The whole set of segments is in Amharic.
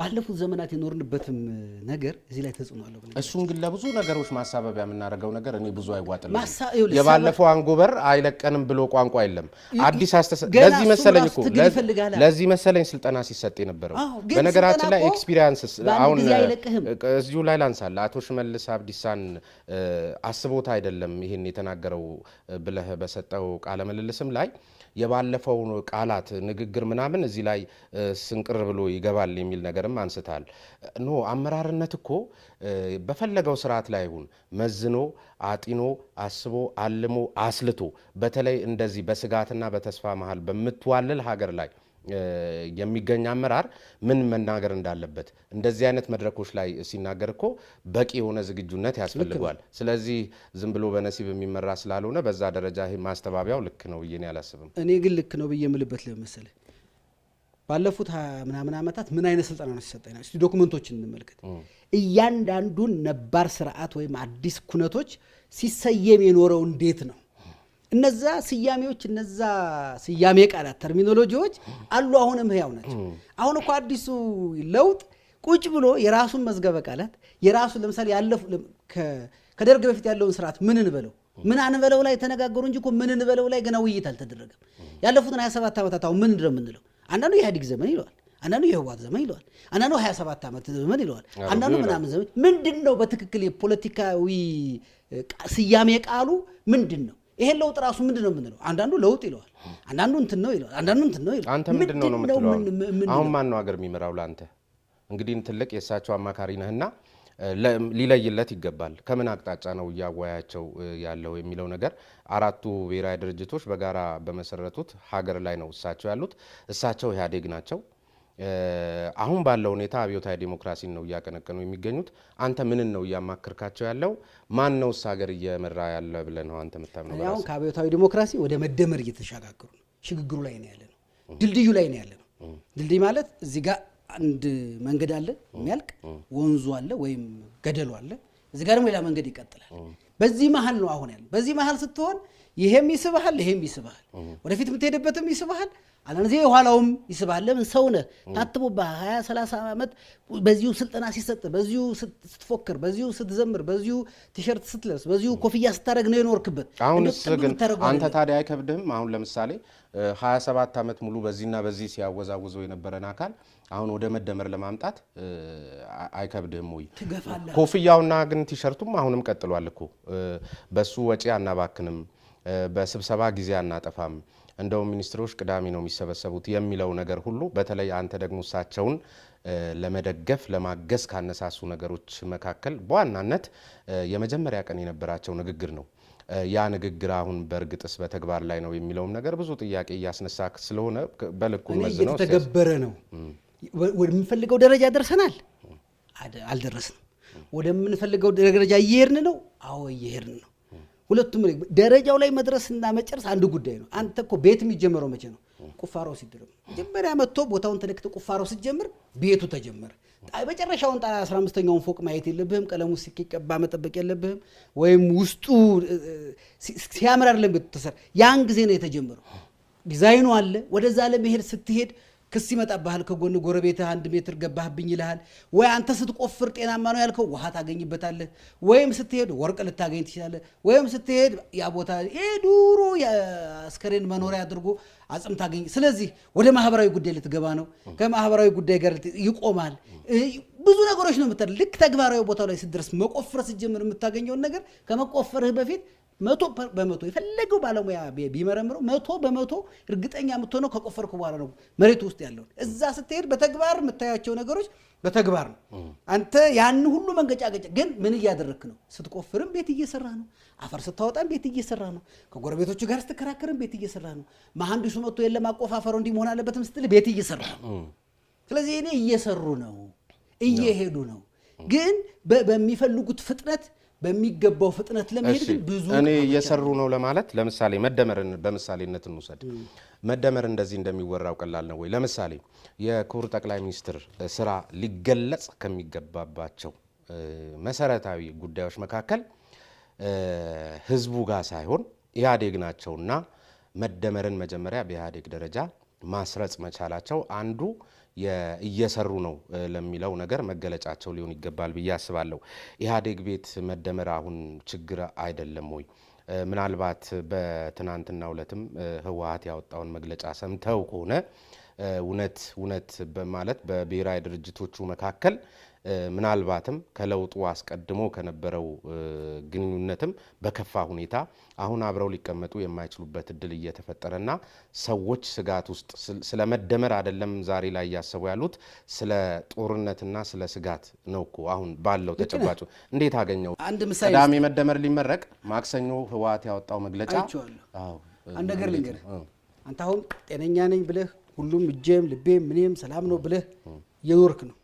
ባለፉት ዘመናት የኖርንበትም ነገር እዚህ ላይ ተጽዕኖ አለው። እሱን ግን ለብዙ ነገሮች ማሳበቢያ የምናደርገው ነገር እኔ ብዙ አይዋጥልም። የባለፈው አንጎበር አይለቀንም ብሎ ቋንቋ የለም። አዲስ ለዚህ መሰለኝ ለዚህ መሰለኝ ስልጠና ሲሰጥ የነበረው በነገራችን ላይ ኤክስፒሪንስ። አሁን እዚሁ ላይ ላንሳለ አቶ ሽመልስ አብዲሳን አስቦት አይደለም ይህን የተናገረው ብለህ በሰጠው ቃለ ምልልስም ላይ የባለፈው ቃላት ንግግር ምናምን እዚህ ላይ ስንቅር ብሎ ይገባል የሚል ነገርም አንስታል። ኖ አመራርነት እኮ በፈለገው ስርዓት ላይ ይሁን መዝኖ አጢኖ አስቦ አልሞ አስልቶ በተለይ እንደዚህ በስጋትና በተስፋ መሃል በምትዋልል ሀገር ላይ የሚገኝ አመራር ምን መናገር እንዳለበት እንደዚህ አይነት መድረኮች ላይ ሲናገር እኮ በቂ የሆነ ዝግጁነት ያስፈልገዋል። ስለዚህ ዝም ብሎ በነሲብ የሚመራ ስላልሆነ በዛ ደረጃ ማስተባበያው ልክ ነው ብዬ አላስብም። እኔ ግን ልክ ነው ብዬ የምልበት ለመሰለ ባለፉት ምናምን ዓመታት ምን አይነት ስልጠና ነው ሲሰጠ እስቲ ዶክመንቶችን እንመልከት። እያንዳንዱን ነባር ስርዓት ወይም አዲስ ኩነቶች ሲሰየም የኖረው እንዴት ነው እነዛ ስያሜዎች እነዛ ስያሜ ቃላት ተርሚኖሎጂዎች አሉ፣ አሁንም ህያው ናቸው። አሁን እኮ አዲሱ ለውጥ ቁጭ ብሎ የራሱን መዝገበ ቃላት የራሱን ለምሳሌ ያለፉ ከደርግ በፊት ያለውን ስርዓት ምን እንበለው ምን አንበለው ላይ ተነጋገሩ እንጂ ምን እንበለው ላይ ገና ውይይት አልተደረገም። ያለፉትን 27 ዓመታት አሁን ምን እንደምንለው አንዳንዱ የኢህአዴግ ዘመን ይለዋል፣ አንዳንዱ የህወሓት ዘመን ይለዋል፣ አንዳንዱ 27 ዓመት ዘመን ይለዋል፣ አንዳንዱ ምናምን ዘመን ምንድን ነው በትክክል የፖለቲካዊ ስያሜ ቃሉ ምንድን ነው? ይሄን ለውጥ ራሱ ምንድን ነው የምንለው? አንዳንዱ ለውጥ ይለዋል፣ አንዳንዱ እንትን ነው ይለዋል፣ አንዳንዱ እንትን ነው ይለዋል። አንተ ምንድን ነው የምትለው? አሁን ማን ነው ሀገር የሚመራው? ለአንተ እንግዲህ ትልቅ የእሳቸው አማካሪ ነህና ሊለይለት ይገባል። ከምን አቅጣጫ ነው እያወያቸው ያለው የሚለው ነገር አራቱ ብሔራዊ ድርጅቶች በጋራ በመሰረቱት ሀገር ላይ ነው እሳቸው ያሉት። እሳቸው ኢህአዴግ ናቸው። አሁን ባለው ሁኔታ አብዮታዊ ዲሞክራሲን ነው እያቀነቀኑ የሚገኙት። አንተ ምንን ነው እያማከርካቸው ያለው? ማን ነው ነውስ ሀገር እየመራ ያለ ብለህ ነው አንተ የምታምነው? አሁን ከአብዮታዊ ዲሞክራሲ ወደ መደመር እየተሸጋገሩ ነው። ሽግግሩ ላይ ነው ያለ ነው። ድልድዩ ላይ ነው ያለ ነው። ድልድይ ማለት እዚህ ጋር አንድ መንገድ አለ የሚያልቅ ወንዙ አለ ወይም ገደሉ አለ። እዚህ ጋር ደግሞ ሌላ መንገድ ይቀጥላል። በዚህ መሀል ነው አሁን ያለ። በዚህ መሀል ስትሆን ይሄም ይስብሃል፣ ይሄም ይስብሃል፣ ወደፊት የምትሄድበትም ይስብሃል አለነዚህ የኋላውም ይስባል። ለምን ሰው ነህ ታትቦብህ 20 30 ዓመት በዚሁ ስልጠና ሲሰጥ፣ በዚሁ ስትፎክር፣ በዚሁ ስትዘምር፣ በዚሁ ቲሸርት ስትለብስ፣ በዚሁ ኮፍያ ስታደረግ ነው የኖርክበት። አሁን ግን አንተ ታዲያ አይከብድህም? አሁን ለምሳሌ 27 ዓመት ሙሉ በዚህና በዚህ ሲያወዛውዘው የነበረን አካል አሁን ወደ መደመር ለማምጣት አይከብድህም ወይ? ኮፍያውና ግን ቲሸርቱም አሁንም ቀጥሏል እኮ በሱ ወጪ አናባክንም፣ በስብሰባ ጊዜ አናጠፋም እንደውም ሚኒስትሮች ቅዳሜ ነው የሚሰበሰቡት የሚለው ነገር ሁሉ በተለይ አንተ ደግሞ እሳቸውን ለመደገፍ ለማገዝ ካነሳሱ ነገሮች መካከል በዋናነት የመጀመሪያ ቀን የነበራቸው ንግግር ነው። ያ ንግግር አሁን በእርግጥስ በተግባር ላይ ነው የሚለውም ነገር ብዙ ጥያቄ እያስነሳ ስለሆነ በልኩ እየተተገበረ ነው። ወደምንፈልገው ደረጃ ደርሰናል? አልደረስንም። ወደምንፈልገው ደረጃ እየሄድን ነው? አዎ እየሄድን ነው። ሁለቱም ደረጃው ላይ መድረስና መጨረስ አንድ ጉዳይ ነው። አንተ እኮ ቤት የሚጀመረው መቼ ነው? ቁፋሮ ሲደረግ መጀመሪያ መጥቶ ቦታውን ተለክተ ቁፋሮ ሲጀምር ቤቱ ተጀመረ። መጨረሻውን ጣ 15 አምስተኛውን ፎቅ ማየት የለብህም። ቀለሙ ሲቀባ መጠበቅ የለብህም። ወይም ውስጡ ሲያምር አይደለም ቤቱ ተሰራ። ያን ጊዜ ነው የተጀመረው። ዲዛይኑ አለ። ወደዛ ለመሄድ ስትሄድ ክስ ይመጣብሃል። ከጎን ጎረቤትህ አንድ ሜትር ገባህብኝ ይልሃል። ወይ አንተ ስትቆፍር ጤናማ ነው ያልከው ውሃ ታገኝበታለህ፣ ወይም ስትሄድ ወርቅ ልታገኝ ትችላለህ፣ ወይም ስትሄድ ያ ቦታ የዱሮ አስከሬን መኖሪያ አድርጎ አጽም ታገኝ። ስለዚህ ወደ ማህበራዊ ጉዳይ ልትገባ ነው። ከማህበራዊ ጉዳይ ጋር ይቆማል። ብዙ ነገሮች ነው የምታደርግ። ልክ ተግባራዊ ቦታው ላይ ስትደርስ መቆፈር ስትጀምር የምታገኘውን ነገር ከመቆፈርህ በፊት መቶ በመቶ የፈለገው ባለሙያ ቢመረምረው መቶ በመቶ እርግጠኛ የምትሆነው ከቆፈርኩ በኋላ ነው መሬቱ ውስጥ ያለውን። እዛ ስትሄድ በተግባር የምታያቸው ነገሮች በተግባር ነው። አንተ ያን ሁሉ ገጫ ግን ምን እያደረክ ነው? ስትቆፍርም ቤት እየሰራ ነው። አፈር ስታወጣም ቤት እየሰራ ነው። ከጎረቤቶቹ ጋር ስትከራከርም ቤት እየሰራ ነው። መሐንዲሱ መጥቶ የለም አቆፋፈረው እንዲህ መሆን አለበትም ስትል ቤት እየሰራ ነው። ስለዚህ እኔ እየሰሩ ነው፣ እየሄዱ ነው። ግን በሚፈልጉት ፍጥነት በሚገባው ፍጥነት ለመሄድ ግን ብዙ እኔ እየሰሩ ነው ለማለት ለምሳሌ መደመርን በምሳሌነት እንውሰድ። መደመር እንደዚህ እንደሚወራው ቀላል ነው ወይ? ለምሳሌ የክቡር ጠቅላይ ሚኒስትር ስራ ሊገለጽ ከሚገባባቸው መሰረታዊ ጉዳዮች መካከል ህዝቡ ጋር ሳይሆን ኢህአዴግ ናቸውና መደመርን መጀመሪያ በኢህአዴግ ደረጃ ማስረጽ መቻላቸው አንዱ እየሰሩ ነው ለሚለው ነገር መገለጫቸው ሊሆን ይገባል ብዬ አስባለሁ። ኢህአዴግ ቤት መደመር አሁን ችግር አይደለም ወይ? ምናልባት በትናንትና ዕለትም ህወሀት ያወጣውን መግለጫ ሰምተው ከሆነ እውነት እውነት ማለት በብሔራዊ ድርጅቶቹ መካከል ምናልባትም ከለውጡ አስቀድሞ ከነበረው ግንኙነትም በከፋ ሁኔታ አሁን አብረው ሊቀመጡ የማይችሉበት እድል እየተፈጠረና ሰዎች ስጋት ውስጥ ስለ መደመር አይደለም ዛሬ ላይ እያሰቡ ያሉት ስለ ጦርነትና ስለ ስጋት ነው እኮ አሁን ባለው ተጨባጭ እንዴት አገኘው። ቅዳሜ መደመር ሊመረቅ ማክሰኞ ህወሓት ያወጣው መግለጫ አንድ ነገር ልንገር አንተ አሁን ጤነኛ ነኝ ብለህ ሁሉም እጄም ልቤም ምንም ሰላም ነው ብለህ የኖርክ ነው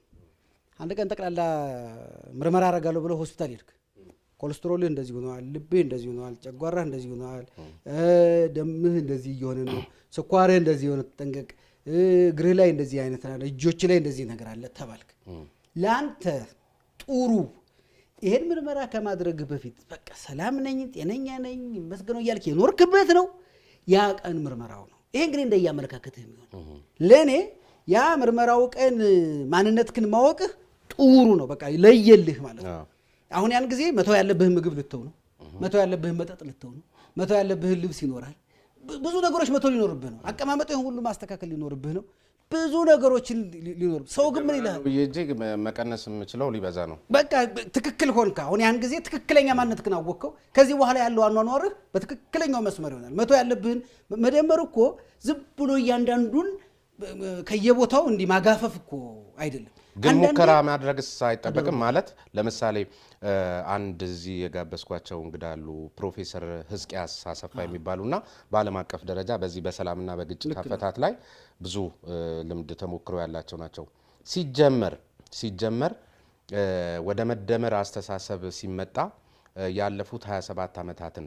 አንድ ቀን ጠቅላላ ምርመራ አረጋለሁ ብለው ሆስፒታል ሄድክ፣ ኮሌስትሮልህ እንደዚህ ሆነዋል፣ ልብህ እንደዚህ ሆነዋል፣ ጨጓራህ እንደዚህ ሆነዋል፣ ደምህ እንደዚህ እየሆነ ነው፣ ስኳርህ እንደዚህ የሆነ ተጠንቀቅ፣ እግርህ ላይ እንደዚህ አይነት አለ፣ እጆች ላይ እንደዚህ ነገር አለ ተባልክ። ለአንተ ጥሩ ይሄን ምርመራ ከማድረግህ በፊት በቃ ሰላም ነኝ፣ ጤነኛ ነኝ፣ ይመስገነው እያልክ የኖርክበት ነው። ያ ቀን ምርመራው ነው። ይሄ እንግዲህ እንደየ አመለካከትህ የሚሆን ለእኔ ያ ምርመራው ቀን ማንነትክን ማወቅህ ጥሩ ነው፣ በቃ ለየልህ ማለት ነው። አሁን ያን ጊዜ መተው ያለብህን ምግብ ልተው ነው፣ መተው ያለብህን መጠጥ ልተው ነው፣ መተው ያለብህን ልብስ ይኖራል። ብዙ ነገሮች መተው ሊኖርብህ ነው። አቀማመጥ ሁሉ ማስተካከል ሊኖርብህ ነው። ብዙ ነገሮችን ሊኖር ሰው ግን ምን ይላል? እጅግ መቀነስ የምችለው ሊበዛ ነው። በቃ ትክክል ሆንክ። አሁን ያን ጊዜ ትክክለኛ ማንነትህን አወቅከው። ከዚህ በኋላ ያለው አኗኗርህ በትክክለኛው መስመር ይሆናል። መቶ ያለብህን መደመር እኮ ዝም ብሎ እያንዳንዱን ከየቦታው እንዲህ ማጋፈፍ እኮ አይደለም። ግን ሙከራ ማድረግስ አይጠበቅም ማለት ለምሳሌ አንድ እዚህ የጋበዝኳቸው እንግዳ አሉ ፕሮፌሰር ህዝቅያስ አሰፋ የሚባሉና በዓለም አቀፍ ደረጃ በዚህ በሰላምና በግጭት አፈታት ላይ ብዙ ልምድ ተሞክሮ ያላቸው ናቸው። ሲጀመር ሲጀመር ወደ መደመር አስተሳሰብ ሲመጣ ያለፉት 27 ዓመታትን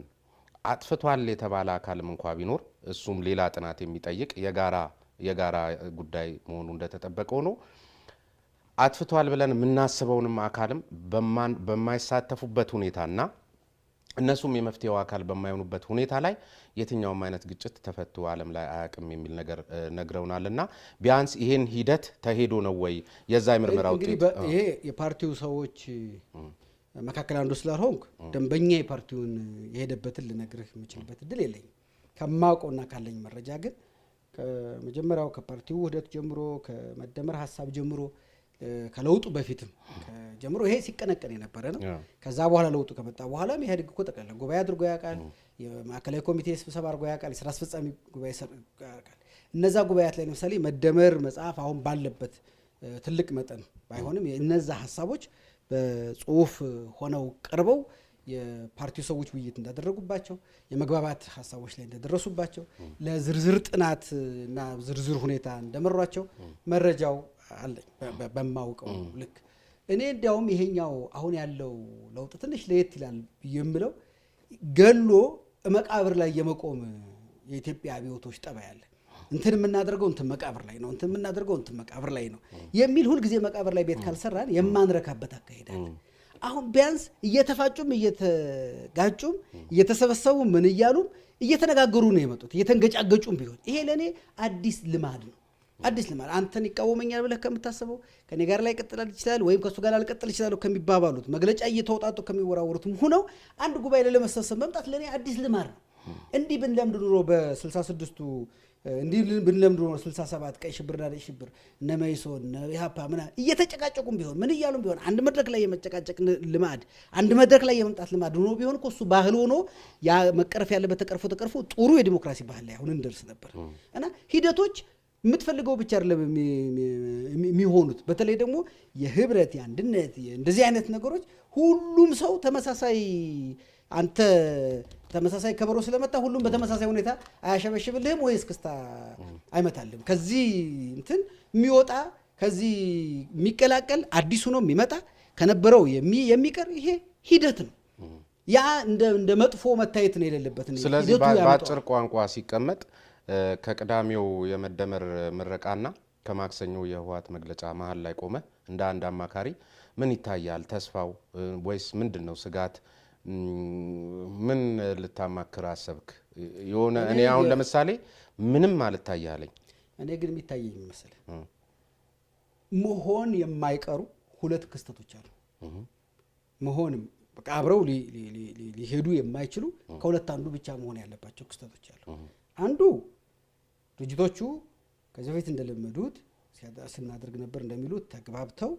አጥፍቷል የተባለ አካልም እንኳ ቢኖር እሱም ሌላ ጥናት የሚጠይቅ የጋራ የጋራ ጉዳይ መሆኑ እንደተጠበቀው ነው አጥፍቷል ብለን የምናስበውንም አካልም በማይሳተፉበት ሁኔታና እነሱም የመፍትሄው አካል በማይሆኑበት ሁኔታ ላይ የትኛውም አይነት ግጭት ተፈቶ ዓለም ላይ አያውቅም የሚል ነገር ነግረውናል እና ቢያንስ ይሄን ሂደት ተሄዶ ነው ወይ የዛ የምርመራ ውጤት ይሄ የፓርቲው ሰዎች መካከል አንዱ ስላልሆንኩ ደንበኛ የፓርቲውን የሄደበትን ልነግርህ የምችልበት እድል የለኝም። ከማውቀውና ካለኝ መረጃ ግን ከመጀመሪያው ከፓርቲው ውህደት ጀምሮ ከመደመር ሀሳብ ጀምሮ ከለውጡ በፊትም ጀምሮ ይሄ ሲቀነቀን የነበረ ነው። ከዛ በኋላ ለውጡ ከመጣ በኋላም ኢህአዴግ እኮ ጠቅላላ ጉባኤ አድርጎ ያውቃል። የማዕከላዊ ኮሚቴ ስብሰባ አድርጎ ያውቃል። የስራ አስፈጻሚ ጉባኤ ያውቃል። እነዛ ጉባኤያት ላይ ለምሳሌ መደመር መጽሐፍ አሁን ባለበት ትልቅ መጠን ባይሆንም እነዛ ሀሳቦች በጽሁፍ ሆነው ቀርበው የፓርቲው ሰዎች ውይይት እንዳደረጉባቸው፣ የመግባባት ሀሳቦች ላይ እንደደረሱባቸው፣ ለዝርዝር ጥናት እና ዝርዝር ሁኔታ እንደመሯቸው መረጃው አለኝ በማውቀው ልክ። እኔ እንዲያውም ይሄኛው አሁን ያለው ለውጥ ትንሽ ለየት ይላል የምለው ገሎ መቃብር ላይ የመቆም የኢትዮጵያ አብዮቶች ጠባይ አለ። እንትን የምናደርገው እንትን መቃብር ላይ ነው፣ እንትን የምናደርገው እንትን መቃብር ላይ ነው የሚል ሁልጊዜ መቃብር ላይ ቤት ካልሰራን የማንረካበት አካሄዳለን። አሁን ቢያንስ እየተፋጩም እየተጋጩም እየተሰበሰቡ ምን እያሉም እየተነጋገሩ ነው የመጡት፣ እየተንገጫገጩም ቢሆን ይሄ ለእኔ አዲስ ልማድ ነው። አዲስ ልማድ አንተን ይቃወመኛል ብለህ ከምታስበው ከኔ ጋር ላይ ቀጥላል ይችላል ወይም ከእሱ ጋር ላልቀጥል ይችላሉ ከሚባባሉት መግለጫ እየተወጣጡ ከሚወራወሩትም ሆነው አንድ ጉባኤ ላይ ለመሰብሰብ መምጣት ለእኔ አዲስ ልማድ ነው። እንዲህ ብንለምድ ኑሮ በ 66 እንዲህ ብንለምድ ኖሮ 67 ቀይ ሽብር ዳደ ሽብር እነ መይሶን እነ ኢህአፓ ምናምን እየተጨቃጨቁም ቢሆን ምን እያሉም ቢሆን አንድ መድረክ ላይ የመጨቃጨቅ ልማድ አንድ መድረክ ላይ የመምጣት ልማድ ሆኖ ቢሆን እኮ እሱ ባህል ሆኖ ያ መቀረፍ ያለበት ተቀርፎ ተቀርፎ ጥሩ የዲሞክራሲ ባህል ላይ አሁን እንደርስ ነበር እና ሂደቶች የምትፈልገው ብቻ አይደለም የሚሆኑት። በተለይ ደግሞ የህብረት የአንድነት እንደዚህ አይነት ነገሮች ሁሉም ሰው ተመሳሳይ አንተ ተመሳሳይ ከበሮ ስለመታ ሁሉም በተመሳሳይ ሁኔታ አያሸበሽብልህም ወይ እስክስታ አይመታልም። ከዚህ እንትን የሚወጣ ከዚህ የሚቀላቀል አዲሱ ነው የሚመጣ ከነበረው የሚቀር ይሄ ሂደት ነው። ያ እንደ መጥፎ መታየት ነው የሌለበት። ስለዚህ በአጭር ቋንቋ ሲቀመጥ ከቅዳሜው የመደመር ምረቃና ከማክሰኞ የህወሓት መግለጫ መሀል ላይ ቆመ እንደ አንድ አማካሪ ምን ይታያል? ተስፋው ወይስ ምንድን ነው ስጋት ምን ልታማክር አሰብክ? የሆነ እኔ አሁን ለምሳሌ ምንም አልታያለኝ። እኔ ግን የሚታየኝ ይመስል መሆን የማይቀሩ ሁለት ክስተቶች አሉ። መሆንም በቃ አብረው ሊሄዱ የማይችሉ ከሁለት አንዱ ብቻ መሆን ያለባቸው ክስተቶች አሉ። አንዱ ድርጅቶቹ ከዚህ በፊት እንደለመዱት ስናደርግ ነበር እንደሚሉት ተግባብተው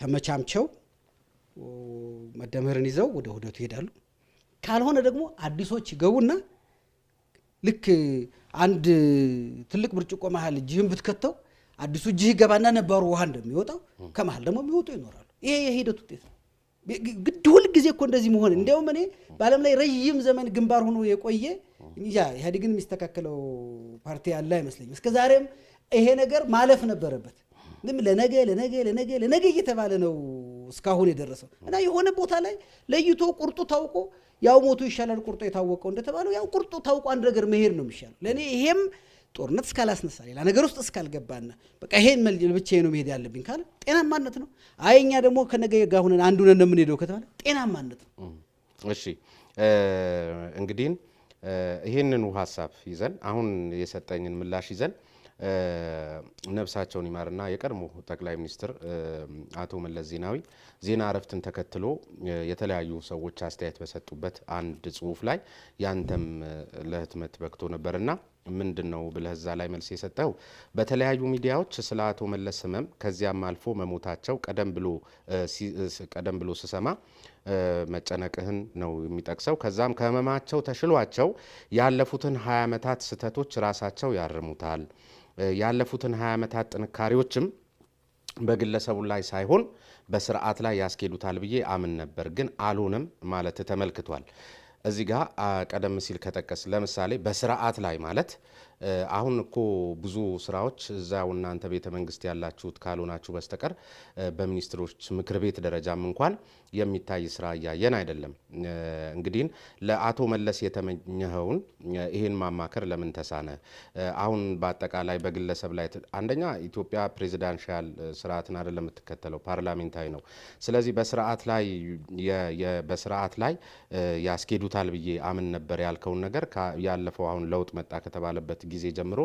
ተመቻምቸው መደመርን ይዘው ወደ ውደቱ ይሄዳሉ። ካልሆነ ደግሞ አዲሶች ይገቡና ልክ አንድ ትልቅ ብርጭቆ መሀል እጅህን ብትከተው አዲሱ እጅህ ይገባና ነባሩ ውሃ እንደሚወጣው ከመሀል ደግሞ የሚወጡ ይኖራሉ። ይሄ የሂደት ውጤት ነው። ግድ ሁል ጊዜ እኮ እንደዚህ መሆን እንዲያውም እኔ በዓለም ላይ ረዥም ዘመን ግንባር ሆኖ የቆየ ያ ኢህአዴግን የሚስተካከለው ፓርቲ ያለ አይመስለኝም። እስከ ዛሬም ይሄ ነገር ማለፍ ነበረበት። ለነገ ለነገ ለነገ ለነገ እየተባለ ነው እስካሁን የደረሰው እና የሆነ ቦታ ላይ ለይቶ ቁርጡ ታውቆ ያው ሞቱ ይሻላል ቁርጦ የታወቀው እንደተባለው ያው ቁርጦ ታውቆ አንድ ነገር መሄድ ነው የሚሻለው። ለእኔ ይሄም ጦርነት እስካላስነሳ ሌላ ነገር ውስጥ እስካልገባና በቃ ይሄን ብቻ ነው መሄድ ያለብኝ ካለ ጤናማነት ነው። አይኛ ደግሞ ከነገ ጋር ሁነን አንድ ሁነን የምንሄደው ከተባለ ጤናማነት ነው። እሺ እንግዲህ ይህንኑ ሀሳብ ይዘን አሁን የሰጠኝን ምላሽ ይዘን ነፍሳቸውን ይማርና የቀድሞ ጠቅላይ ሚኒስትር አቶ መለስ ዜናዊ ዜና እረፍትን ተከትሎ የተለያዩ ሰዎች አስተያየት በሰጡበት አንድ ጽሁፍ ላይ ያንተም ለህትመት በክቶ ነበርና ምንድን ነው ብለህ እዛ ላይ መልስ የሰጠው በተለያዩ ሚዲያዎች ስለ አቶ መለስ ህመም ከዚያም አልፎ መሞታቸው ቀደም ብሎ ስሰማ መጨነቅህን ነው የሚጠቅሰው። ከዛም ከህመማቸው ተሽሏቸው ያለፉትን ሀያ ዓመታት ስህተቶች ራሳቸው ያርሙታል ያለፉትን 20 ዓመታት ጥንካሬዎችም በግለሰቡ ላይ ሳይሆን በስርዓት ላይ ያስኬዱታል ብዬ አምን ነበር፣ ግን አልሆነም ማለት ተመልክቷል። እዚህ ጋር ቀደም ሲል ከጠቀስ ለምሳሌ በስርዓት ላይ ማለት አሁን እኮ ብዙ ስራዎች እዛው እናንተ ቤተ መንግስት ያላችሁት ካልሆናችሁ በስተቀር በሚኒስትሮች ምክር ቤት ደረጃም እንኳን የሚታይ ስራ እያየን አይደለም። እንግዲህ ለአቶ መለስ የተመኘኸውን ይህን ማማከር ለምን ተሳነ? አሁን በአጠቃላይ በግለሰብ ላይ አንደኛ ኢትዮጵያ ፕሬዚዳንሻል ስርዓትን አይደለም የምትከተለው፣ ፓርላሜንታዊ ነው። ስለዚህ በስርዓት ላይ በስርዓት ላይ ያስኬዱታል ብዬ አምን ነበር ያልከውን ነገር ያለፈው አሁን ለውጥ መጣ ከተባለበት ጊዜ ጀምሮ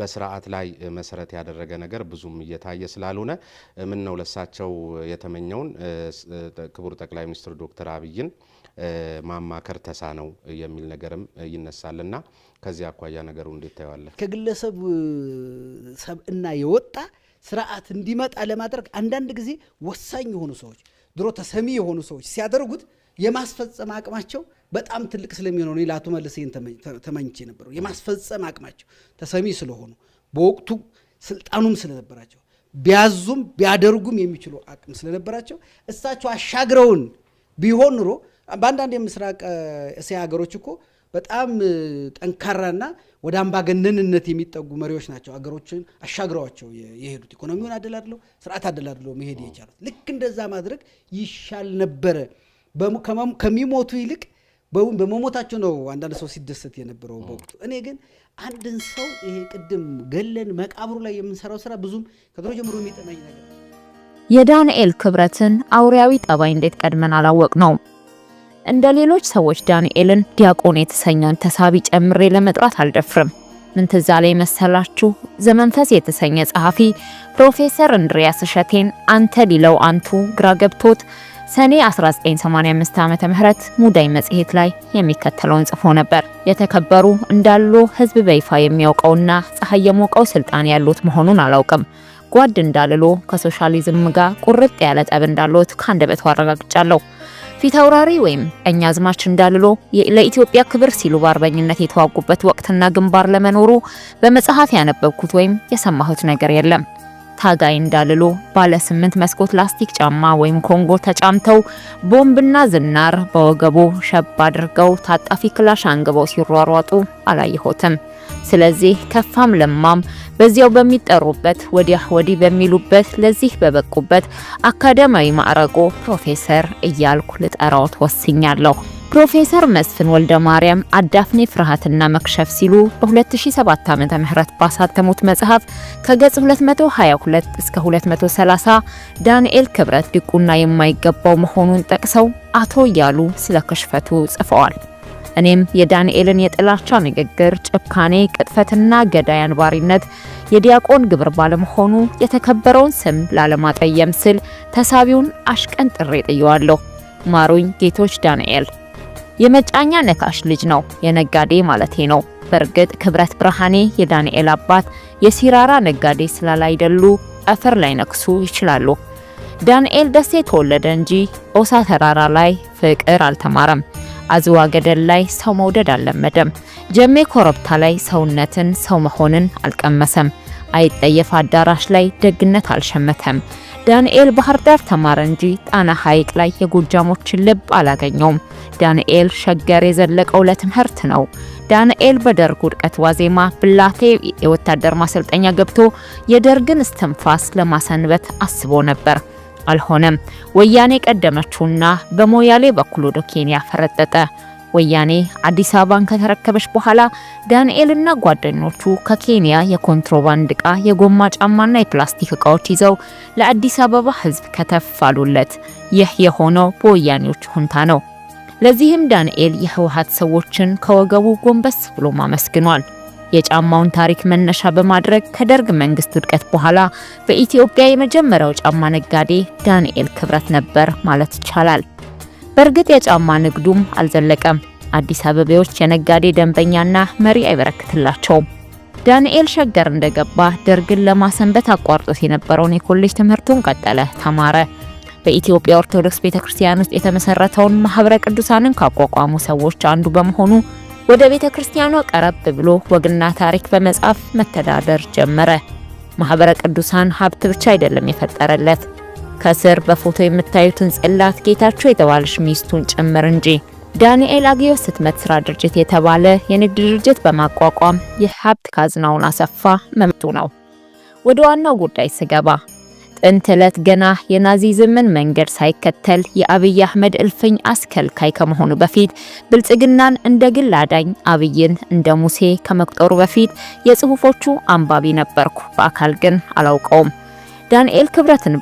በስርዓት ላይ መሰረት ያደረገ ነገር ብዙም እየታየ ስላልሆነ ምን ነው ለሳቸው የተመኘውን ክቡር ጠቅላይ ሚኒስትር ዶክተር አብይን ማማከር ተሳ ነው የሚል ነገርም ይነሳልና ከዚህ አኳያ ነገሩ እንዴት ታየዋለህ? ከግለሰብ ሰብእና የወጣ ስርዓት እንዲመጣ ለማድረግ አንዳንድ ጊዜ ወሳኝ የሆኑ ሰዎች ድሮ ተሰሚ የሆኑ ሰዎች ሲያደርጉት የማስፈጸም አቅማቸው በጣም ትልቅ ስለሚሆነው ነው ለአቶ መለስ ይህን ተመኝቼ ነበረው። የማስፈጸም አቅማቸው ተሰሚ ስለሆኑ በወቅቱ ስልጣኑም ስለነበራቸው ቢያዙም ቢያደርጉም የሚችሉ አቅም ስለነበራቸው እሳቸው አሻግረውን ቢሆን ኑሮ በአንዳንድ የምስራቅ እስያ ሀገሮች እኮ በጣም ጠንካራና ወደ አምባገነንነት የሚጠጉ መሪዎች ናቸው አገሮችን አሻግረዋቸው የሄዱት። ኢኮኖሚውን አደላድለው፣ ስርዓት አደላድለው መሄድ የቻሉት ልክ እንደዛ ማድረግ ይሻል ነበረ። ከሚሞቱ ይልቅ በመሞታቸው ነው አንዳንድ ሰው ሲደሰት የነበረው በወቅቱ። እኔ ግን አንድን ሰው ይሄ ቅድም ገለን መቃብሩ ላይ የምንሰራው ስራ ብዙም ከድሮ ጀምሮ የሚጠመኝ ነገር የዳንኤል ክብረትን አውሪያዊ ጠባይ እንዴት ቀድመን አላወቅ ነው። እንደ ሌሎች ሰዎች ዳንኤልን ዲያቆን የተሰኘን ተሳቢ ጨምሬ ለመጥራት አልደፍርም። ምን ትዝ አለኝ መሰላችሁ? ዘመንፈስ የተሰኘ ጸሐፊ ፕሮፌሰር እንድሪያስ እሸቴን አንተ ሊለው አንቱ ግራ ገብቶት ሰኔ 1985 ዓመተ ምህረት ሙዳይ መጽሔት ላይ የሚከተለውን ጽፎ ነበር። የተከበሩ እንዳሉ ህዝብ በይፋ የሚያውቀውና ፀሐይ የሞቀው ስልጣን ያሉት መሆኑን አላውቅም። ጓድ እንዳልሎ ከሶሻሊዝም ጋር ቁርጥ ያለ ጠብ እንዳሉት ከአንደበቱ አረጋግጫለሁ። ፊታውራሪ ወይም እኛ አዝማች እንዳልሎ ለኢትዮጵያ ክብር ሲሉ በአርበኝነት የተዋጉበት ወቅትና ግንባር ለመኖሩ በመጽሐፍ ያነበብኩት ወይም የሰማሁት ነገር የለም። ታጋይ እንዳልሎ ባለ ስምንት መስኮት ላስቲክ ጫማ ወይም ኮንጎ ተጫምተው ቦምብና ዝናር በወገቦ ሸብ አድርገው ታጣፊ ክላሽ አንግበው ሲሯሯጡ አላየሁትም። ስለዚህ ከፋም ለማም በዚያው በሚጠሩበት ወዲያ ወዲህ በሚሉበት ለዚህ በበቁበት አካዳሚያዊ ማዕረጎ ፕሮፌሰር እያልኩ ልጠራዎት ወስኛለሁ። ፕሮፌሰር መስፍን ወልደ ማርያም አዳፍኔ ፍርሃትና መክሸፍ ሲሉ በ2007 ዓመተ ምህረት ባሳተሙት መጽሐፍ ከገጽ 222 እስከ 230 ዳንኤል ክብረት ዲቁና የማይገባው መሆኑን ጠቅሰው አቶ እያሉ ስለ ክሽፈቱ ጽፈዋል። እኔም የዳንኤልን የጥላቻ ንግግር፣ ጭካኔ፣ ቅጥፈትና ገዳይ አንባሪነት የዲያቆን ግብር ባለመሆኑ የተከበረውን ስም ላለማጠየም ስል ተሳቢውን አሽቀን ጥሬ ጥየዋለሁ። ማሩኝ ጌቶች ዳንኤል የመጫኛ ነካሽ ልጅ ነው፣ የነጋዴ ማለቴ ነው። በእርግጥ ክብረት ብርሃኔ የዳንኤል አባት የሲራራ ነጋዴ ስላላይደሉ አፈር ላይ ነክሱ ይችላሉ። ዳንኤል ደሴ ተወለደ እንጂ ኦሳ ተራራ ላይ ፍቅር አልተማረም። አዝዋ ገደል ላይ ሰው መውደድ አልለመደም። ጀሜ ኮረብታ ላይ ሰውነትን ሰው መሆንን አልቀመሰም። አይጠየፍ አዳራሽ ላይ ደግነት አልሸመተም። ዳንኤል ባህር ዳር ተማረ እንጂ ጣና ሐይቅ ላይ የጎጃሞችን ልብ አላገኘውም። ዳንኤል ሸገር የዘለቀው ለትምህርት ነው። ዳንኤል በደርግ ውድቀት ዋዜማ ብላቴ የወታደር ማሰልጠኛ ገብቶ የደርግን እስትንፋስ ለማሰንበት አስቦ ነበር። አልሆነም። ወያኔ ቀደመችውና በሞያሌ በኩል ወደ ኬንያ ፈረጠጠ። ወያኔ አዲስ አበባን ከተረከበች በኋላ ዳንኤልና ጓደኞቹ ከኬንያ የኮንትሮባንድ ዕቃ፣ የጎማ ጫማና የፕላስቲክ ዕቃዎች ይዘው ለአዲስ አበባ ሕዝብ ከተፋሉለት ይህ የሆነው በወያኔዎች ሁንታ ነው። ለዚህም ዳንኤል የህወሀት ሰዎችን ከወገቡ ጎንበስ ብሎም አመስግኗል። የጫማውን ታሪክ መነሻ በማድረግ ከደርግ መንግስት ውድቀት በኋላ በኢትዮጵያ የመጀመሪያው ጫማ ነጋዴ ዳንኤል ክብረት ነበር ማለት ይቻላል። በእርግጥ የጫማ ንግዱም አልዘለቀም። አዲስ አበቤዎች የነጋዴ ደንበኛና መሪ አይበረክትላቸውም። ዳንኤል ሸገር እንደገባ ደርግን ለማሰንበት አቋርጦት የነበረውን የኮሌጅ ትምህርቱን ቀጠለ፣ ተማረ። በኢትዮጵያ ኦርቶዶክስ ቤተክርስቲያን ውስጥ የተመሰረተውን ማህበረ ቅዱሳንን ካቋቋሙ ሰዎች አንዱ በመሆኑ ወደ ቤተ ክርስቲያኗ ቀረብ ብሎ ወግና ታሪክ በመጻፍ መተዳደር ጀመረ። ማኅበረ ቅዱሳን ሀብት ብቻ አይደለም የፈጠረለት፣ ከስር በፎቶ የምታዩትን ጽላት ጌታቸው የተባለች ሚስቱን ጭምር እንጂ። ዳንኤል አግዮስ ህትመት ስራ ድርጅት የተባለ የንግድ ድርጅት በማቋቋም የሀብት ካዝናውን አሰፋ መምቱ ነው። ወደ ዋናው ጉዳይ ስገባ ጥንት ዕለት ገና የናዚዝምን መንገድ ሳይከተል የአብይ አህመድ እልፍኝ አስከልካይ ከመሆኑ በፊት ብልጽግናን እንደ ግል አዳኝ፣ አብይን እንደ ሙሴ ከመቁጠሩ በፊት የጽሁፎቹ አንባቢ ነበርኩ። በአካል ግን አላውቀውም። ዳንኤል ክብረትን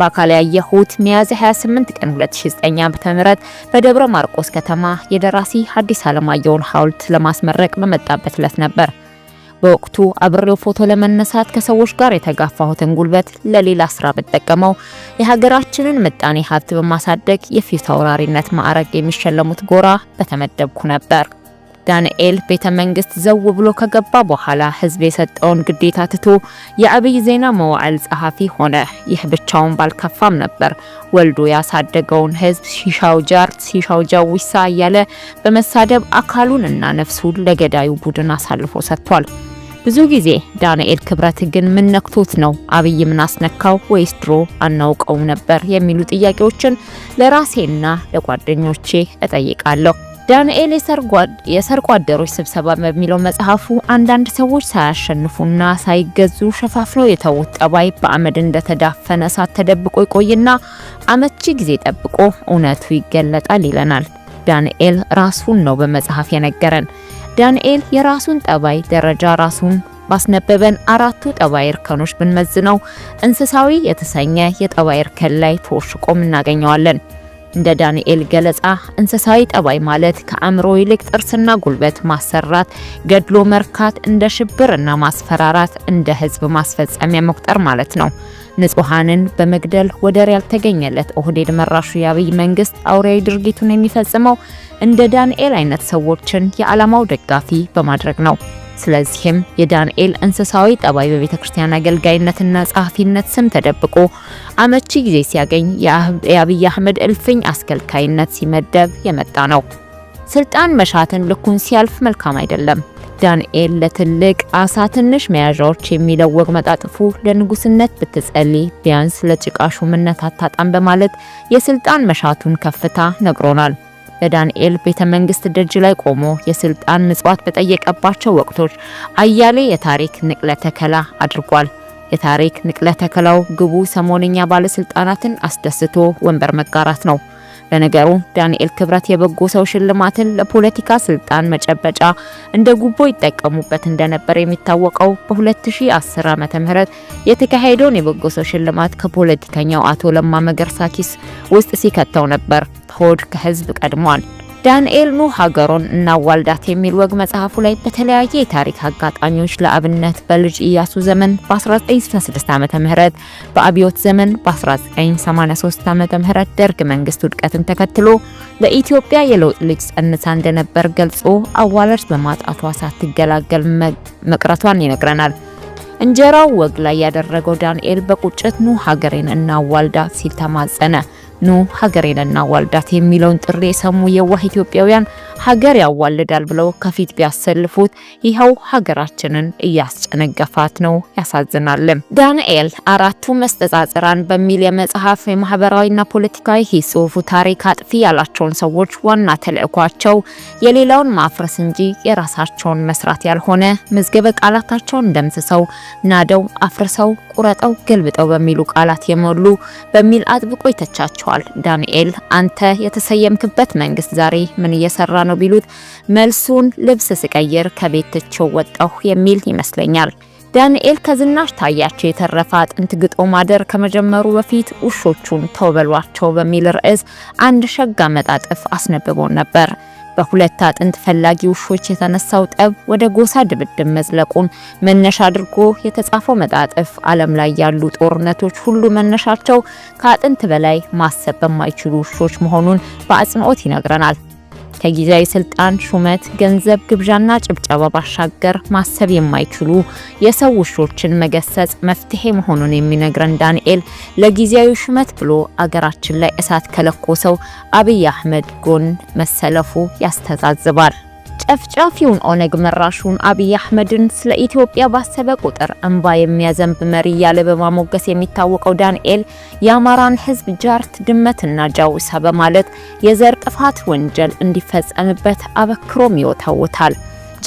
በአካል ያየሁት ሚያዝያ 28 ቀን 2009 ዓ.ም በደብረ ማርቆስ ከተማ የደራሲ ሐዲስ ዓለማየሁን ሐውልት ለማስመረቅ በመጣበት ዕለት ነበር። በወቅቱ አብሬው ፎቶ ለመነሳት ከሰዎች ጋር የተጋፋሁትን ጉልበት ለሌላ ስራ ብጠቀመው የሀገራችንን ምጣኔ ሀብት በማሳደግ የፊት አውራሪነት ማዕረግ የሚሸለሙት ጎራ በተመደብኩ ነበር። ዳንኤል ቤተ መንግስት ዘው ብሎ ከገባ በኋላ ህዝብ የሰጠውን ግዴታ ትቶ የአብይ ዜና መዋዕል ጸሐፊ ሆነ። ይህ ብቻውን ባልከፋም ነበር። ወልዶ ያሳደገውን ህዝብ ሺሻው ጃር ሺሻው ጃዊሳ እያለ በመሳደብ አካሉን እና ነፍሱን ለገዳዩ ቡድን አሳልፎ ሰጥቷል። ብዙ ጊዜ ዳንኤል ክብረት ግን ምን ነክቶት ነው አብይ ምን አስነካው ወይስ ድሮ አናውቀው ነበር የሚሉ ጥያቄዎችን ለራሴና ለጓደኞቼ እጠይቃለሁ። ዳንኤል የሰርጎ አደሮች ስብሰባ በሚለው መጽሐፉ አንዳንድ ሰዎች ሳያሸንፉና ሳይገዙ ሸፋፍለው የተዉት ጠባይ በአመድ እንደተዳፈነ እሳት ተደብቆ ይቆይና አመቺ ጊዜ ጠብቆ እውነቱ ይገለጣል ይለናል። ዳንኤል ራሱን ነው በመጽሐፍ የነገረን። ዳንኤል የራሱን ጠባይ ደረጃ ራሱን ባስነበበን አራቱ ጠባይ እርከኖች ብንመዝነው እንስሳዊ የተሰኘ የጠባይ እርከን ላይ ተወሽቆም እናገኘዋለን። እንደ ዳንኤል ገለጻ እንስሳዊ ጠባይ ማለት ከአእምሮ ይልቅ ጥርስና ጉልበት ማሰራት፣ ገድሎ መርካት፣ እንደ ሽብርና ማስፈራራት፣ እንደ ህዝብ ማስፈጸሚያ መቁጠር ማለት ነው። ንጹሐንን በመግደል ወደር ያልተገኘለት ኦህዴድ መራሹ የአብይ መንግስት አውሬያዊ ድርጊቱን የሚፈጽመው እንደ ዳንኤል አይነት ሰዎችን የዓላማው ደጋፊ በማድረግ ነው። ስለዚህም የዳንኤል እንስሳዊ ጠባይ በቤተ ክርስቲያን አገልጋይነትና ጸሐፊነት ስም ተደብቆ አመቺ ጊዜ ሲያገኝ የአብይ አህመድ እልፍኝ አስከልካይነት ሲመደብ የመጣ ነው። ስልጣን መሻትን ልኩን ሲያልፍ መልካም አይደለም። ዳንኤል ለትልቅ አሳ ትንሽ መያዣዎች የሚለው ወግ መጣጥፉ ለንጉስነት ብትጸልይ ቢያንስ ለጭቃ ሹምነት አታጣም በማለት የስልጣን መሻቱን ከፍታ ነግሮናል። በዳንኤል ቤተ መንግስት ደጅ ላይ ቆሞ የስልጣን ምጽዋት በጠየቀባቸው ወቅቶች አያሌ የታሪክ ንቅለ ተከላ አድርጓል። የታሪክ ንቅለ ተከላው ግቡ ሰሞንኛ ባለስልጣናትን አስደስቶ ወንበር መጋራት ነው። ለነገሩ ዳንኤል ክብረት የበጎ ሰው ሽልማትን ለፖለቲካ ስልጣን መጨበጫ እንደ ጉቦ ይጠቀሙበት እንደነበር የሚታወቀው በ2010 ዓመተ ምህረት የተካሄደውን የበጎ ሰው ሽልማት ከፖለቲከኛው አቶ ለማ መገርሳ ኪስ ውስጥ ሲከተው ነበር። ሆድ ከህዝብ ቀድሟል። ዳንኤል ኑ ሀገሮን እናዋልዳት የሚል ወግ መጽሐፉ ላይ በተለያየ የታሪክ አጋጣሚዎች ለአብነት በልጅ ኢያሱ ዘመን በ1966 ዓመተ ምህረት በአብዮት ዘመን በ1983 ዓመተ ምህረት ደርግ መንግስት ውድቀትን ተከትሎ ለኢትዮጵያ የለውጥ ልጅ ጸንሳ እንደነበር ገልጾ አዋላጅ በማጣቷ ሳትገላገል መቅረቷን ይነግረናል። እንጀራው ወግ ላይ ያደረገው ዳንኤል በቁጭት ኑ ሀገሬን እናዋልዳት ሲል ተማጸነ። ኑ ሀገሬን እናዋልዳት የሚለውን ጥሪ የሰሙ የዋህ ኢትዮጵያውያን ሀገር ያዋልዳል ብለው ከፊት ቢያሰልፉት ይኸው ሀገራችንን እያስጨነገፋት ነው። ያሳዝናል። ዳንኤል አራቱ መስተጻጽራን በሚል የመጽሐፍ የማህበራዊና ፖለቲካዊ ጽሑፉ ታሪክ አጥፊ ያላቸውን ሰዎች ዋና ተልእኳቸው የሌላውን ማፍረስ እንጂ የራሳቸውን መስራት ያልሆነ መዝገበ ቃላታቸውን ደምስሰው ናደው አፍርሰው ቁረጠው፣ ገልብጠው በሚሉ ቃላት የሞሉ በሚል አጥብቆ ይተቻቸዋል። ዳንኤል አንተ የተሰየምክበት መንግስት ዛሬ ምን እየሰራ ነው ቢሉት መልሱን ልብስ ስቀይር ከቤት ትቼው ወጣሁ የሚል ይመስለኛል። ዳንኤል ከዝናሽ ታያቸው የተረፈ አጥንት ግጦ ማደር ከመጀመሩ በፊት ውሾቹን ተውበሏቸው በሚል ርዕስ አንድ ሸጋ መጣጥፍ አስነብቦን ነበር። በሁለት አጥንት ፈላጊ ውሾች የተነሳው ጠብ ወደ ጎሳ ድብድብ መዝለቁን መነሻ አድርጎ የተጻፈው መጣጥፍ ዓለም ላይ ያሉ ጦርነቶች ሁሉ መነሻቸው ከአጥንት በላይ ማሰብ በማይችሉ ውሾች መሆኑን በአጽንኦት ይነግረናል። ከጊዜያዊ ስልጣን ሹመት፣ ገንዘብ ግብዣና ጭብጨባ ባሻገር ማሰብ የማይችሉ የሰው ውሾችን መገሰጽ መፍትሄ መሆኑን የሚነግረን ዳንኤል ለጊዜያዊ ሹመት ብሎ አገራችን ላይ እሳት ከለኮሰው አብይ አህመድ ጎን መሰለፉ ያስተዛዝባል። ጨፍጫፊውን ኦነግ መራሹን አብይ አህመድን ስለ ኢትዮጵያ ባሰበ ቁጥር እንባ የሚያዘንብ መሪ እያለ በማሞገስ የሚታወቀው ዳንኤል የአማራን ሕዝብ ጃርት፣ ድመትና ጃውሳ በማለት የዘር ጥፋት ወንጀል እንዲፈጸምበት አበክሮም ይወተውታል።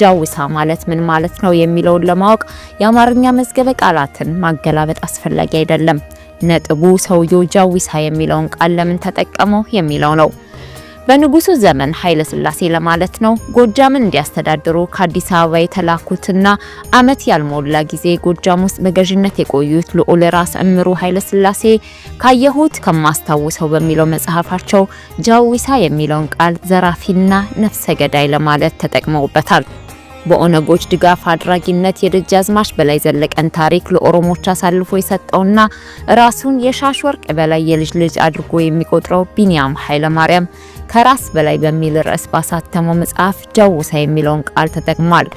ጃውሳ ማለት ምን ማለት ነው የሚለውን ለማወቅ የአማርኛ መዝገበ ቃላትን ማገላበጥ አስፈላጊ አይደለም። ነጥቡ ሰውየው ጃዊሳ የሚለውን ቃል ለምን ተጠቀመው የሚለው ነው። በንጉሱ ዘመን ኃይለ ሥላሴ ለማለት ነው። ጎጃምን እንዲያስተዳድሩ ከአዲስ አበባ የተላኩትና አመት ያልሞላ ጊዜ ጎጃም ውስጥ በገዥነት የቆዩት ልዑል ራስ እምሩ ኃይለ ሥላሴ ካየሁት ከማስታውሰው በሚለው መጽሐፋቸው ጃዊሳ የሚለውን ቃል ዘራፊና ነፍሰ ገዳይ ለማለት ተጠቅመውበታል። በኦነጎች ድጋፍ አድራጊነት የደጃዝማች በላይ ዘለቀን ታሪክ ለኦሮሞች አሳልፎ የሰጠውና ራሱን የሻሽ ወርቅ በላይ የልጅ ልጅ አድርጎ የሚቆጥረው ቢንያም ኃይለማርያም ከራስ በላይ በሚል ርዕስ ባሳተመው መጽሐፍ ጃውሳ የሚለውን ቃል ተጠቅሟል።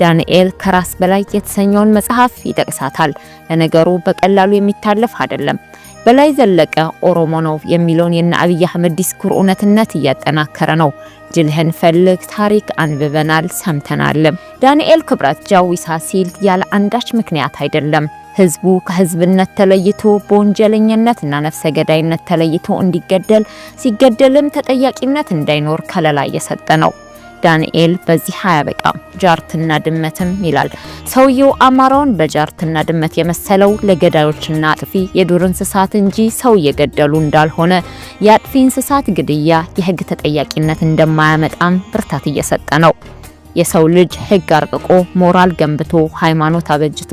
ዳንኤል ከራስ በላይ የተሰኘውን መጽሐፍ ይጠቅሳታል። ለነገሩ በቀላሉ የሚታለፍ አይደለም። በላይ ዘለቀ ኦሮሞ ነው የሚለውን የነ አብይ አህመድ ዲስኩር እውነትነት እያጠናከረ ነው። ጅልህን ፈልግ ታሪክ አንብበናል ሰምተናልም። ዳንኤል ክብረት ጃዊሳ ሲል ያለ አንዳች ምክንያት አይደለም። ህዝቡ ከህዝብነት ተለይቶ በወንጀለኝነት እና ነፍሰ ገዳይነት ተለይቶ እንዲገደል ሲገደልም ተጠያቂነት እንዳይኖር ከለላ እየሰጠ ነው። ዳንኤል በዚህ አያበቃም። ጃርትና ድመትም ይላል። ሰውየው አማራውን በጃርትና ድመት የመሰለው ለገዳዮችና አጥፊ የዱር እንስሳት እንጂ ሰው እየገደሉ እንዳልሆነ የአጥፊ እንስሳት ግድያ የህግ ተጠያቂነት እንደማያመጣም ብርታት እየሰጠ ነው። የሰው ልጅ ህግ አርቅቆ ሞራል ገንብቶ ሃይማኖት አበጅቶ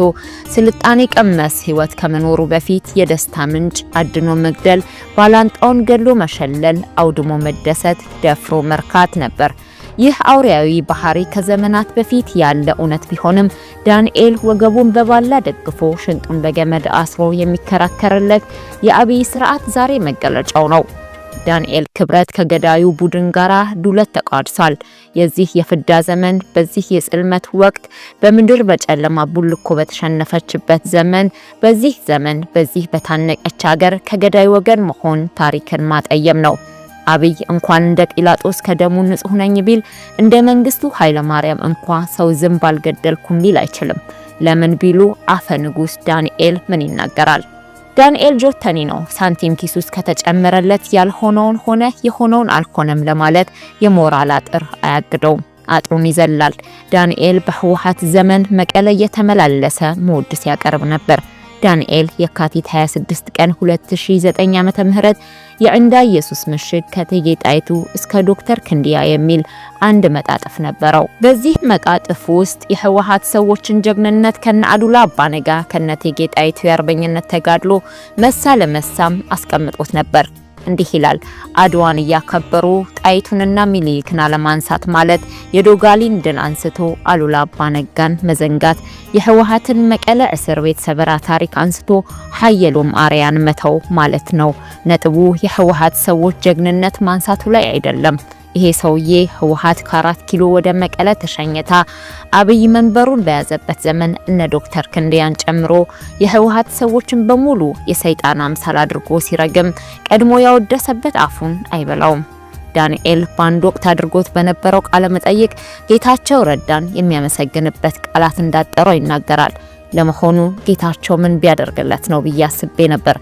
ስልጣኔ ቀመስ ህይወት ከመኖሩ በፊት የደስታ ምንጭ አድኖ መግደል፣ ባላንጣውን ገሎ መሸለል፣ አውድሞ መደሰት፣ ደፍሮ መርካት ነበር። ይህ አውሬያዊ ባህሪ ከዘመናት በፊት ያለ እውነት ቢሆንም ዳንኤል ወገቡን በባላ ደግፎ ሽንጡን በገመድ አስሮ የሚከራከርለት የአብይ ስርዓት ዛሬ መገለጫው ነው። ዳንኤል ክብረት ከገዳዩ ቡድን ጋር ዱለት ተቋድሷል። የዚህ የፍዳ ዘመን በዚህ የጽልመት ወቅት በምድር በጨለማ ቡልኮ በተሸነፈችበት ዘመን በዚህ ዘመን በዚህ በታነቀች ሀገር ከገዳይ ወገን መሆን ታሪክን ማጠየም ነው። አብይ እንኳን እንደ ጲላጦስ ከደሙ ንጹህ ነኝ ቢል እንደ መንግስቱ ኃይለማርያም እንኳ ሰው ዝም ባልገደልኩም ሊል አይችልም። ለምን ቢሉ አፈ ንጉስ ዳንኤል ምን ይናገራል? ዳንኤል ጆተኒ ነው። ሳንቲም ኪስ ውስጥ ከተጨመረለት ያልሆነውን ሆነ የሆነውን አልሆነም ለማለት የሞራል አጥር አያግደውም። አጥሩን ይዘላል። ዳንኤል በህወሓት ዘመን መቀለ እየተመላለሰ መወድስ ያቀርብ ነበር። ዳንኤል የካቲት 26 ቀን 2009 ዓ.ም የእንዳ ኢየሱስ ምሽግ ከእቴጌ ጣይቱ እስከ ዶክተር ክንዲያ የሚል አንድ መጣጥፍ ነበረው። በዚህ መጣጥፍ ውስጥ የህወሓት ሰዎችን ጀግንነት ከነ አዱላ አባነጋ ከነ እቴጌ ጣይቱ የአርበኝነት ተጋድሎ መሳ ለመሳም አስቀምጦት ነበር። እንዲህ ይላል። አድዋን እያከበሩ ጣይቱንና ሚኒሊክን አለማንሳት ማለት የዶጋሊን ድል አንስቶ አሉላ አባነጋን መዘንጋት፣ የህወሀትን መቀለ እስር ቤት ሰበራ ታሪክ አንስቶ ሀየሎም አርያን መተው ማለት ነው። ነጥቡ የህወሀት ሰዎች ጀግንነት ማንሳቱ ላይ አይደለም። ይሄ ሰውዬ ህወሓት ከአራት ኪሎ ወደ መቀለ ተሸኝታ አብይ መንበሩን በያዘበት ዘመን እነ ዶክተር ክንድያን ጨምሮ የህወሓት ሰዎችን በሙሉ የሰይጣን አምሳል አድርጎ ሲረግም ቀድሞ ያወደሰበት አፉን አይበላውም። ዳንኤል በአንድ ወቅት አድርጎት በነበረው ቃለ መጠይቅ ጌታቸው ረዳን የሚያመሰግንበት ቃላት እንዳጠረው ይናገራል። ለመሆኑ ጌታቸው ምን ቢያደርግለት ነው ብዬ አስቤ ነበር።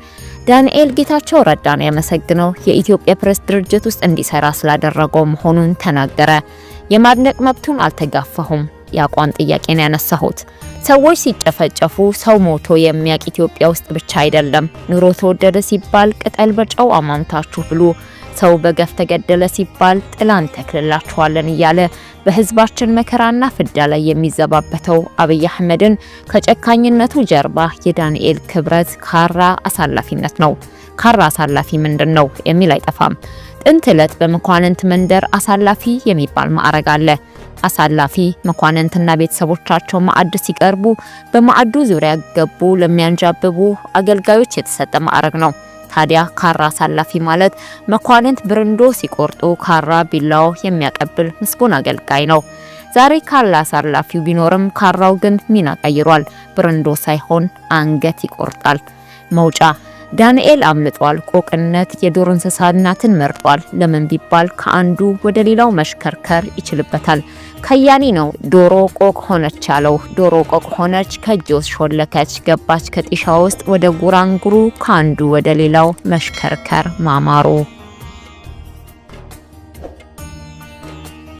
ዳንኤል ጌታቸው ረዳን ያመሰግነው የኢትዮጵያ ፕሬስ ድርጅት ውስጥ እንዲሰራ ስላደረገው መሆኑን ተናገረ። የማድነቅ መብቱን አልተጋፋሁም፣ የአቋም ጥያቄን ያነሳሁት ሰዎች ሲጨፈጨፉ ሰው ሞቶ የሚያውቅ ኢትዮጵያ ውስጥ ብቻ አይደለም። ኑሮ ተወደደ ሲባል ቅጠል በጨው አማምታችሁ ብሉ ሰው በገፍ ተገደለ ሲባል ጥላን እንተክልላችኋለን እያለ በህዝባችን መከራና ፍዳ ላይ የሚዘባበተው አብይ አህመድን ከጨካኝነቱ ጀርባ የዳንኤል ክብረት ካራ አሳላፊነት ነው። ካራ አሳላፊ ምንድን ነው የሚል አይጠፋም። ጥንት ዕለት በመኳንንት መንደር አሳላፊ የሚባል ማዕረግ አለ። አሳላፊ መኳንንትና ቤተሰቦቻቸው ማዕድ ሲቀርቡ በማዕዱ ዙሪያ ገቡ ለሚያንጃብቡ አገልጋዮች የተሰጠ ማዕረግ ነው። ታዲያ ካራ አሳላፊ ማለት መኳንንት ብርንዶ ሲቆርጡ ካራ ቢላው የሚያቀብል ምስጉን አገልጋይ ነው። ዛሬ ካላ አሳላፊው ቢኖርም ካራው ግን ሚና ቀይሯል። ብርንዶ ሳይሆን አንገት ይቆርጣል። መውጫ ዳንኤል አምልጧል። ቆቅነት የዱር እንስሳናትን መርጧል። ለምን ቢባል ከአንዱ ወደ ሌላው መሽከርከር ይችልበታል። ከያኒ ነው ዶሮ ቆቅ ሆነች አለው። ዶሮ ቆቅ ሆነች ከእጆስ ሾለከች ገባች ከጢሻ ውስጥ ወደ ጉራንጉሩ ከአንዱ ወደ ሌላው መሽከርከር ማማሩ